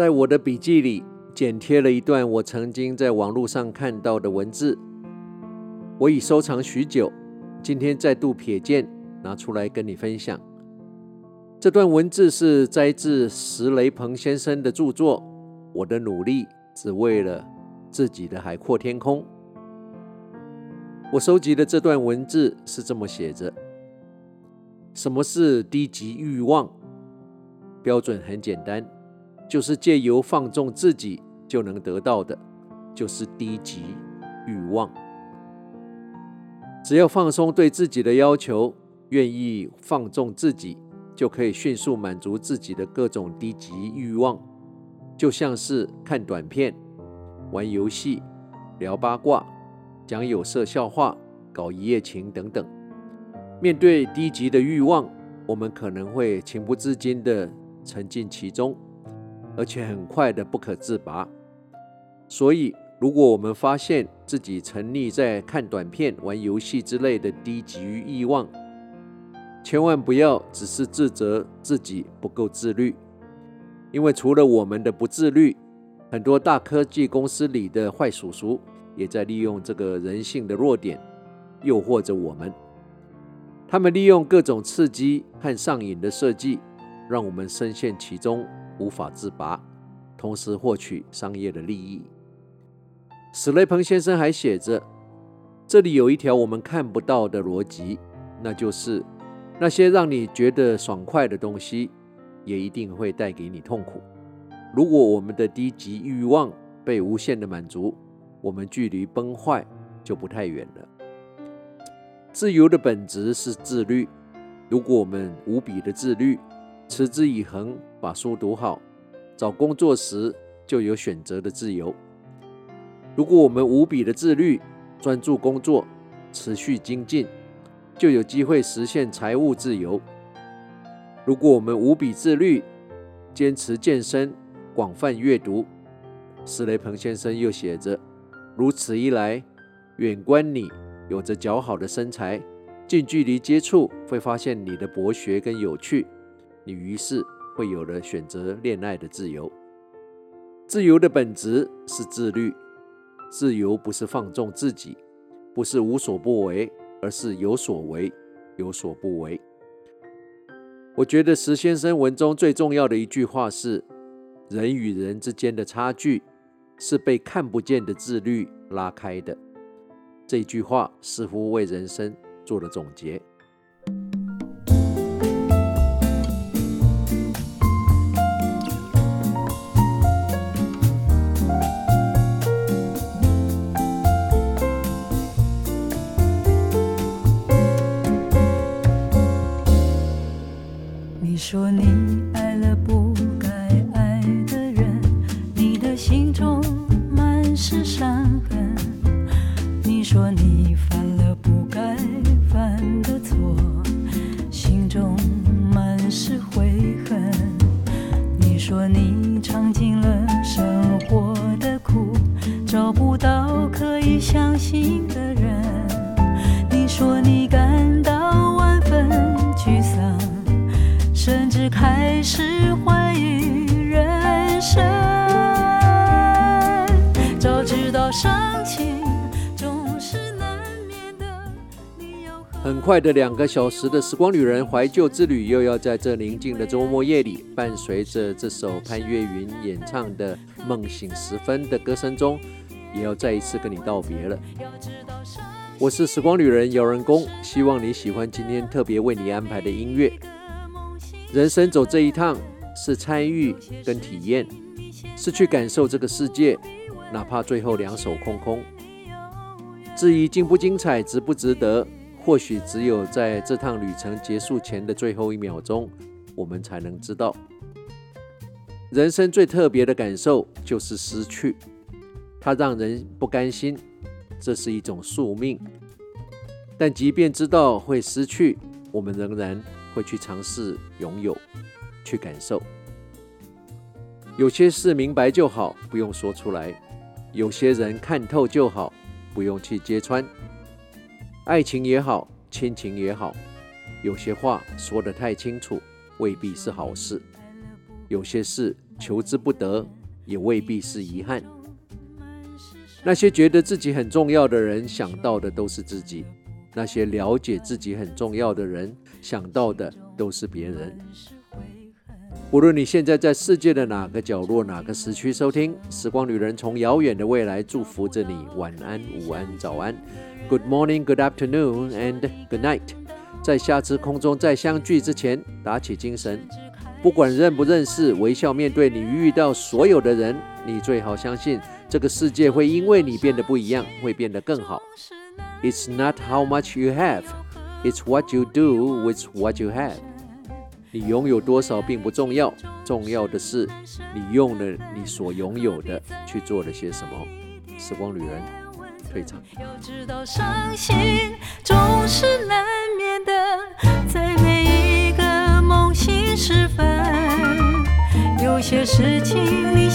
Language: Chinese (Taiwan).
在我的筆記裡剪貼了一段我曾經在網絡上看到的文字，我已收藏許久，今天再度瞥見，拿出來跟你分享。這段文字是摘自石雷鵬先生的著作《我的努力只為了自己的海闊天空》。我收集的這段文字是這麼寫着：什麼是低級慾望？標準很簡單。就是借由放縱自己就能得到的，就是低級欲望。只要放鬆對自己的要求，願意放縱自己，就可以迅速滿足自己的各種低級欲望。就像是看短片、玩遊戲、聊八卦、講有色笑話、搞一夜情等等。面對低級的欲望，我們可能會情不自禁地沉浸其中。而且很快的不可自拔，所以如果我們發現自己沉溺在看短片、玩遊戲之類的低級欲望，千萬不要只是自責自己不夠自律，因為除了我們的不自律，很多大科技公司裡的壞叔叔也在利用這個人性的弱點，誘惑着我們。他們利用各種刺激和上癮的設計，讓我們深陷其中。無法自拔，同時獲取商業的利益。石雷鵬先生還寫着：“這裡有一條我們看不到的邏輯，那就是那些讓你覺得爽快的東西，也一定會帶給你痛苦。如果我們的低級慾望被無限的滿足，我們距離崩壞就不太遠了。自由的本質是自律，如果我們無比的自律。”持之以恆，把書讀好，找工作時就有選擇的自由。如果我們無比的自律，專注工作，持續精進，就有機會實現財務自由。如果我們無比自律，堅持健身，廣泛閱讀，石雷鵬先生又寫着：如此一來，遠觀你有着較好的身材，近距離接觸會發現你的博學跟有趣。你於是會有了選擇戀愛的自由。自由的本質是自律，自由不是放縱自己，不是無所不為，而是有所為，有所不為。我覺得石先生文中最重要的一句話是：人與人之間的差距是被看不見的自律拉開的。這句話似乎為人生做了總結。你說你愛了不？很快的兩個小時的時光，旅人懷舊之旅，又要在這寧靜的周末夜裡，伴隨着這首潘越雲演唱的《夢醒時分》的歌聲中，也要再一次跟你道別了。我是時光旅人姚仁恭，希望你喜歡今天特別為你安排的音樂。人生走這一趟，是參與跟體驗，是去感受這個世界。哪怕最後兩手空空，至於精不精彩、值不值得，或許只有在這趟旅程結束前的最後一秒鐘，我們才能知道。人生最特別的感受就是失去，它讓人不甘心，這是一種宿命。但即便知道會失去，我們仍然會去嘗試擁有，去感受。有些事明白就好，不用說出來。有些人看透就好，不用去揭穿。愛情也好，親情也好，有些話說得太清楚，未必是好事。有些事求之不得，也未必是遺憾。那些覺得自己很重要的人，想到的都是自己；那些了解自己很重要的人，想到的都是別人。無論你現在在世界的哪個角落、哪個時區收聽，《時光旅人》從遙遠的未來祝福着你。晚安、午安、早安，Good morning, Good afternoon, and Good night。在下次空中再相聚之前，打起精神。不管認不認識，微笑面對你遇到所有的人。你最好相信，這個世界會因為你變得不一樣，會變得更好。It's not how much you have, it's what you do with what you have. 你擁有多少並不重要，重要的是你用了你所擁有的去做了些什麼。時光旅人退場。要知道傷心總是難免的，在每一個夢醒時分，有些事情你